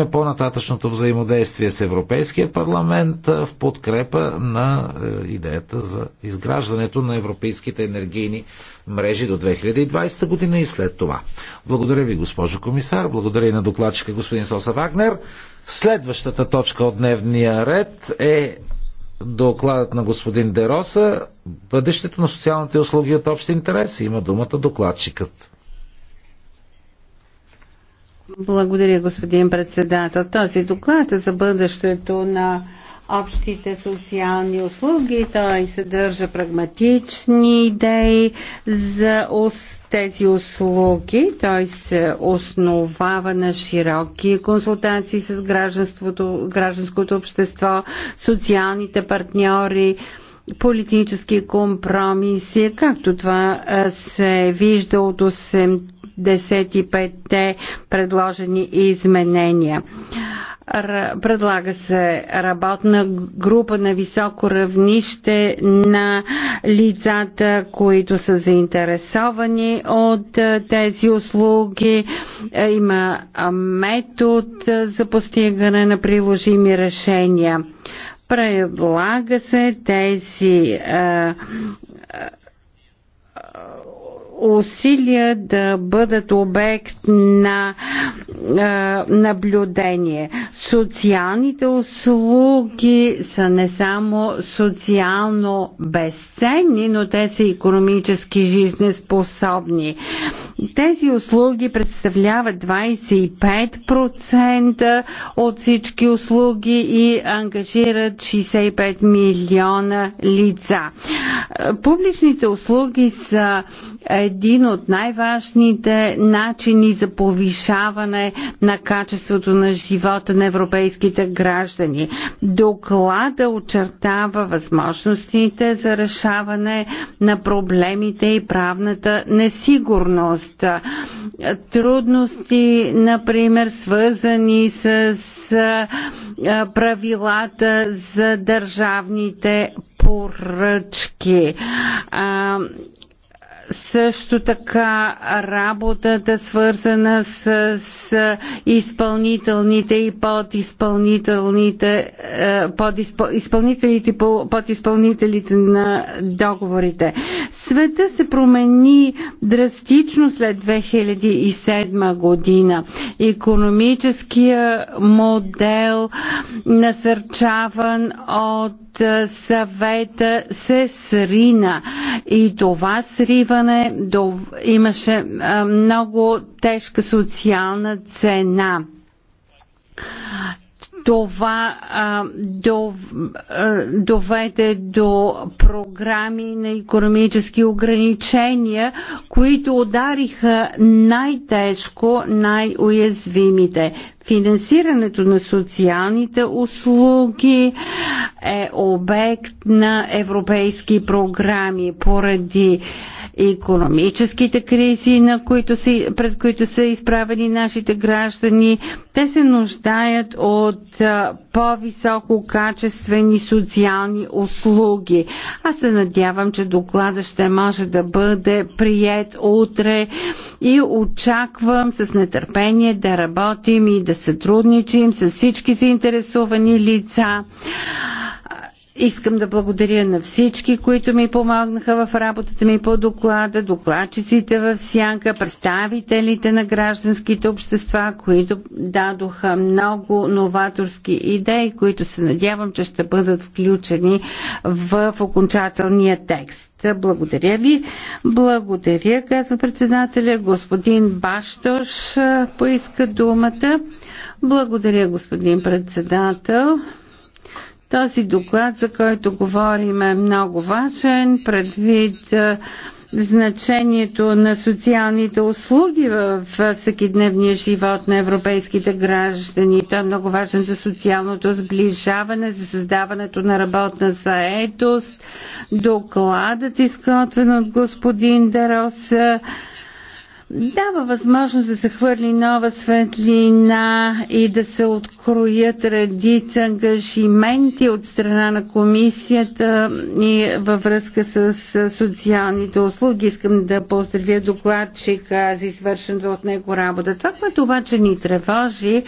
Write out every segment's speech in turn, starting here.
е по-нататъчното взаимодействие с Европейския парламент в подкрепа на е, идеята за изграждането на европейските енергийни мрежи до 2020 година и след това. Благодаря ви, госпожо комисар. Благодаря и на докладчика господин Соса Вагнер. Следващата точка от дневния ред е докладът на господин Дероса. Бъдещето на социалните услуги е от общ интерес. Има думата докладчикът. Благодаря, господин председател. Този доклад е за бъдещето на общите социални услуги. Той съдържа прагматични идеи за тези услуги. Той се основава на широки консултации с гражданското общество, социалните партньори, политически компромиси, както това се вижда от 8 95-те предложени изменения. Предлага се работна група на високо равнище на лицата, които са заинтересовани от е, тези услуги. Е, има метод е, за постигане на приложими решения. Предлага се тези усилия да бъдат обект на е, наблюдение. Социалните услуги са не само социално безценни, но те са економически жизнеспособни. Тези услуги представляват 25% от всички услуги и ангажират 65 милиона лица. Публичните услуги са един от най-важните начини за повишаване на качеството на живота на европейските граждани. Доклада очертава възможностите за решаване на проблемите и правната несигурност общност. Трудности, например, свързани с правилата за държавните поръчки също така работата свързана с, с изпълнителните и подизпълнителните, е, подизпъл, по подизпълнителите на договорите. Света се промени драстично след 2007 година економическия модел, насърчаван от е, съвета, се срина. И това сриване имаше е, много тежка социална цена това а, до, а, доведе до програми на економически ограничения, които удариха най-тежко най-уязвимите. Финансирането на социалните услуги е обект на европейски програми поради а, економическите кризи, на които са, пред които са изправени нашите граждани. Те се нуждаят от по-високо качествени социални услуги. Аз се надявам, че доклада ще може да бъде прият утре и очаквам с нетърпение да работим и да сътрудничим с всички заинтересовани лица. Искам да благодаря на всички, които ми помогнаха в работата ми по доклада, докладчиците в Сянка, представителите на гражданските общества, които дадоха много новаторски идеи, които се надявам, че ще бъдат включени в окончателния текст. Благодаря ви. Благодаря, казва председателя. Господин Баштош поиска думата. Благодаря, господин председател. Този доклад, за който говорим, е много важен предвид е, значението на социалните услуги в всекидневния живот на европейските граждани. Той е много важен за социалното сближаване, за създаването на работна заетост. Докладът, изготвен от господин Дерос, дава възможност да се хвърли нова светлина и да се откроят редица ангажименти от страна на комисията и във връзка с социалните услуги. Искам да поздравя докладчика за извършената от него работа. Това, което обаче ни тревожи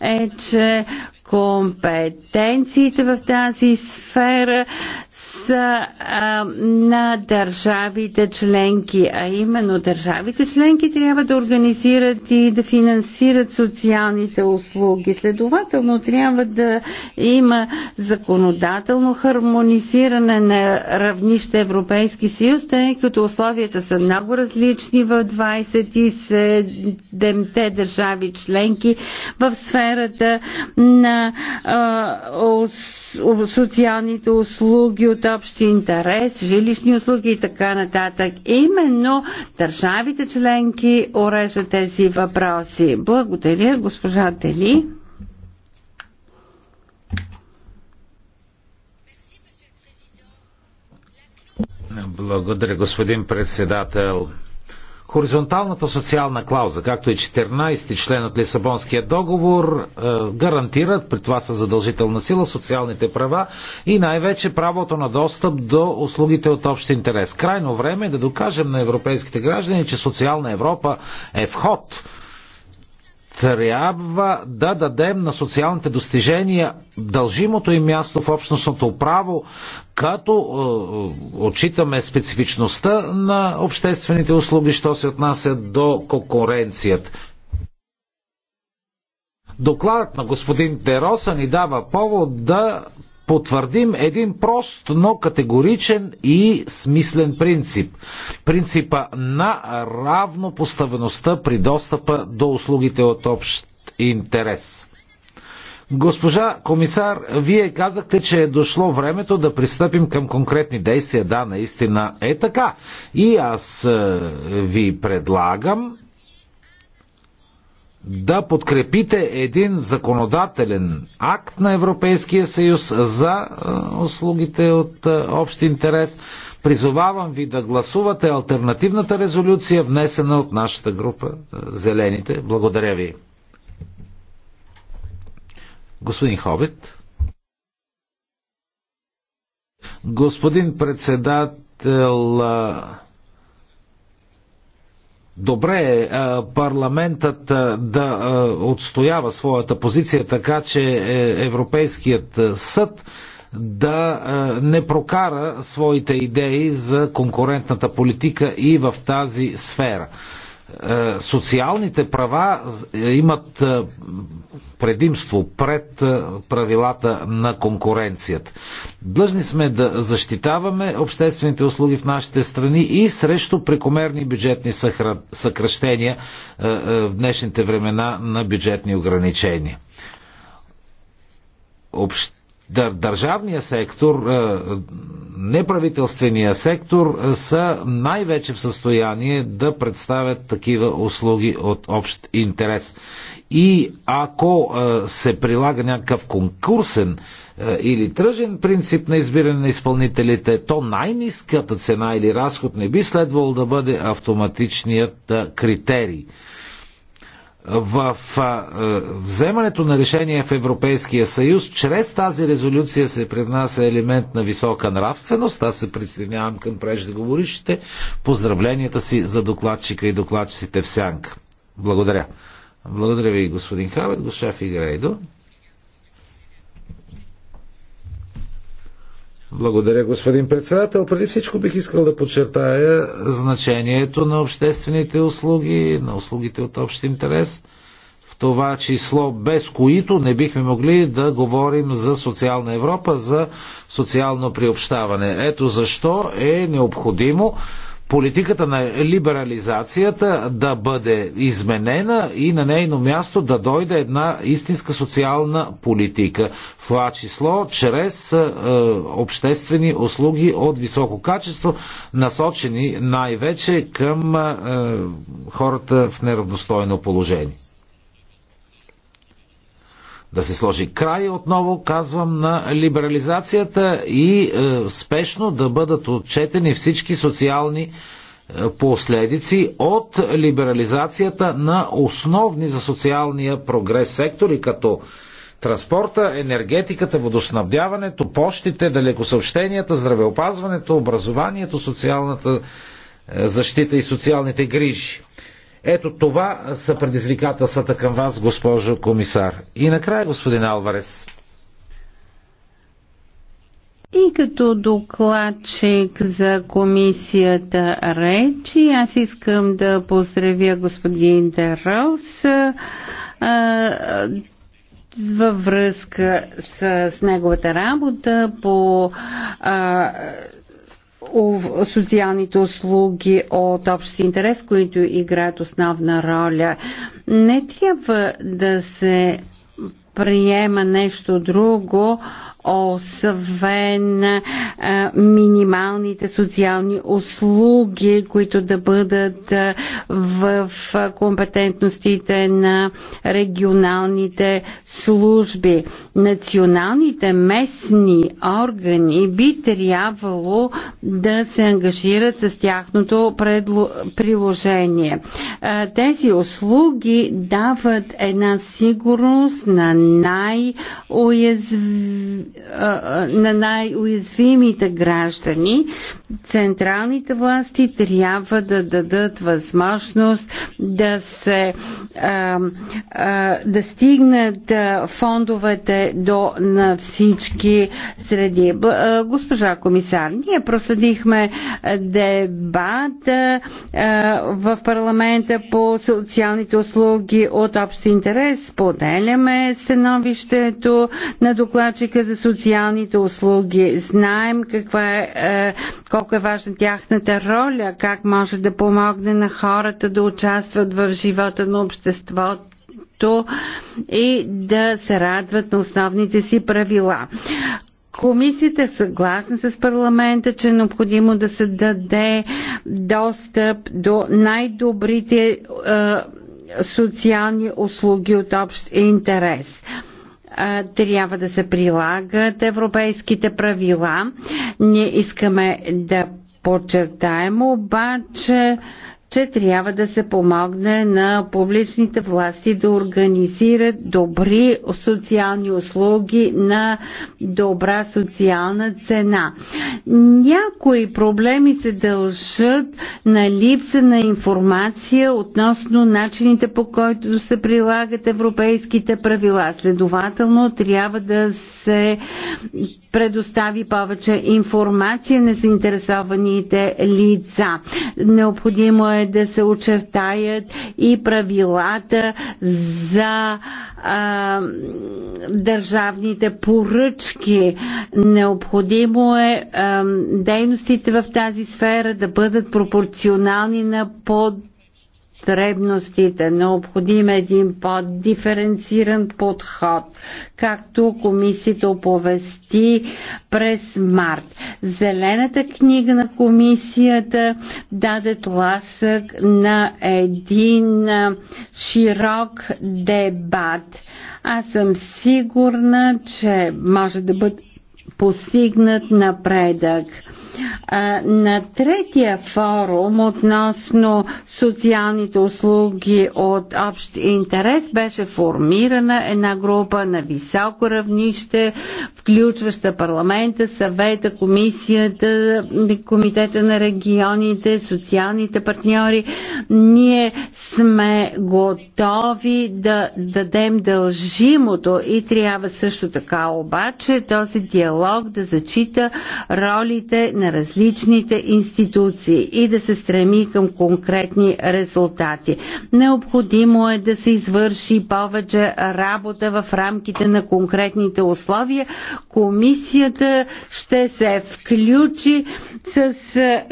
е, че компетенциите в тази сфера са а, на държавите членки, а именно държавите членки трябва да организират и да финансират социалните услуги. Следователно трябва да има законодателно хармонизиране на равнище Европейски съюз, тъй като условията са много различни в 27-те държави членки в сферата на о, социалните услуги от общи интерес, жилищни услуги и така нататък. Именно държавите членки уреждат тези въпроси. Благодаря, госпожа Дели. Благодаря, господин председател. Хоризонталната социална клауза, както и 14 ти член от Лисабонския договор, е, гарантират, при това са задължителна сила, социалните права и най-вече правото на достъп до услугите от общ интерес. Крайно време е да докажем на европейските граждани, че социална Европа е вход трябва да дадем на социалните достижения дължимото им място в общностното право, като е, отчитаме специфичността на обществените услуги, що се отнася до конкуренцията. Докладът на господин Дероса ни дава повод да потвърдим един прост, но категоричен и смислен принцип. Принципа на равнопоставеността при достъпа до услугите от общ интерес. Госпожа комисар, вие казахте, че е дошло времето да пристъпим към конкретни действия. Да, наистина е така. И аз е, ви предлагам да подкрепите един законодателен акт на Европейския съюз за е, услугите от е, общ интерес. Призовавам ви да гласувате альтернативната резолюция, внесена от нашата група е, Зелените. Благодаря ви. Господин Хобит. Господин председател, Добре е парламентът да отстоява своята позиция така, че е, Европейският съд да не прокара своите идеи за конкурентната политика и в тази сфера. Е, социалните права имат е, предимство пред е, правилата на конкуренцията. Длъжни сме да защитаваме обществените услуги в нашите страни и срещу прекомерни бюджетни съкръщения в днешните времена на бюджетни ограничения. Общ държавния сектор, е, неправителствения сектор е, са най-вече в състояние да представят такива услуги от общ интерес. И ако е, се прилага някакъв конкурсен или тръжен принцип на избиране на изпълнителите, то най-низката цена или разход не би следвало да бъде автоматичният критерий в вземането на решение в Европейския съюз, чрез тази резолюция се привнася елемент на висока нравственост. Аз се присъединявам към преждеговорищите. Поздравленията си за докладчика и докладчиците в Сянка. Благодаря. Благодаря ви, господин Хавет, госпожа Фигрейдо. Благодаря, господин председател. Преди всичко бих искал да подчертая значението на обществените услуги, на услугите от общ интерес, в това число без които не бихме могли да говорим за социална Европа, за социално приобщаване. Ето защо е необходимо политиката на либерализацията да бъде изменена и на нейно място да дойде една истинска социална политика. В това число, чрез е, обществени услуги от високо качество, насочени най-вече към е, хората в неравностойно положение да се сложи край, отново казвам, на либерализацията и е, спешно да бъдат отчетени всички социални е, последици от либерализацията на основни за социалния прогрес сектори, като транспорта, енергетиката, водоснабдяването, почтите, далекосъобщенията, здравеопазването, образованието, социалната е, защита и социалните грижи. Ето това са предизвикателствата към вас, госпожо комисар. И накрая, господин Алварес. И като докладчик за комисията речи, аз искам да поздравя господин Дерос във връзка с, с неговата работа по а, социалните услуги от общ интерес, които играят основна роля. Не трябва да се приема нещо друго освен а, минималните социални услуги, които да бъдат а, в компетентностите на регионалните служби. Националните местни органи би трябвало да се ангажират с тяхното предло... приложение. А, тези услуги дават една сигурност на най-уязвимите на най-уязвимите граждани, централните власти трябва да дадат възможност да се а, а, да стигнат фондовете до на всички среди. Госпожа комисар, ние проследихме дебат а, в парламента по социалните услуги от общ интерес. Поделяме становището на докладчика за социалните услуги. Знаем каква е, е, колко е важна тяхната роля, как може да помогне на хората да участват в живота на обществото и да се радват на основните си правила. Комисията е съгласна с парламента, че е необходимо да се даде достъп до най-добрите е, социални услуги от общ интерес трябва да се прилагат европейските правила. Ние искаме да подчертаем обаче, че трябва да се помогне на публичните власти да организират добри социални услуги на добра социална цена. Някои проблеми се дължат на липса на информация относно начините по който се прилагат европейските правила. Следователно трябва да се предостави повече информация на заинтересованите лица. Необходимо е да се очертаят и правилата за а, държавните поръчки. Необходимо е а, дейностите в тази сфера да бъдат пропорционални на под потребностите. Необходим е един по-диференциран подход, както комисията оповести през март. Зелената книга на комисията даде тласък на един широк дебат. Аз съм сигурна, че може да бъде постигнат напредък. На третия форум относно социалните услуги от общ интерес беше формирана една група на високо равнище, включваща парламента, съвета, комисията, комитета на регионите, социалните партньори. Ние сме готови да дадем дължимото и трябва също така обаче този диалог диалог, да зачита ролите на различните институции и да се стреми към конкретни резултати. Необходимо е да се извърши повече работа в рамките на конкретните условия. Комисията ще се включи с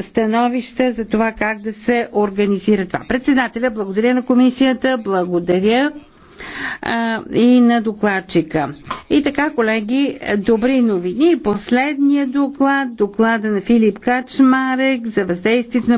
становища за това как да се организира това. Председателя, благодаря на комисията, благодаря а, и на докладчика. И така, колеги, добри новини. Последният доклад, доклада на Филип Качмарек за въздействието на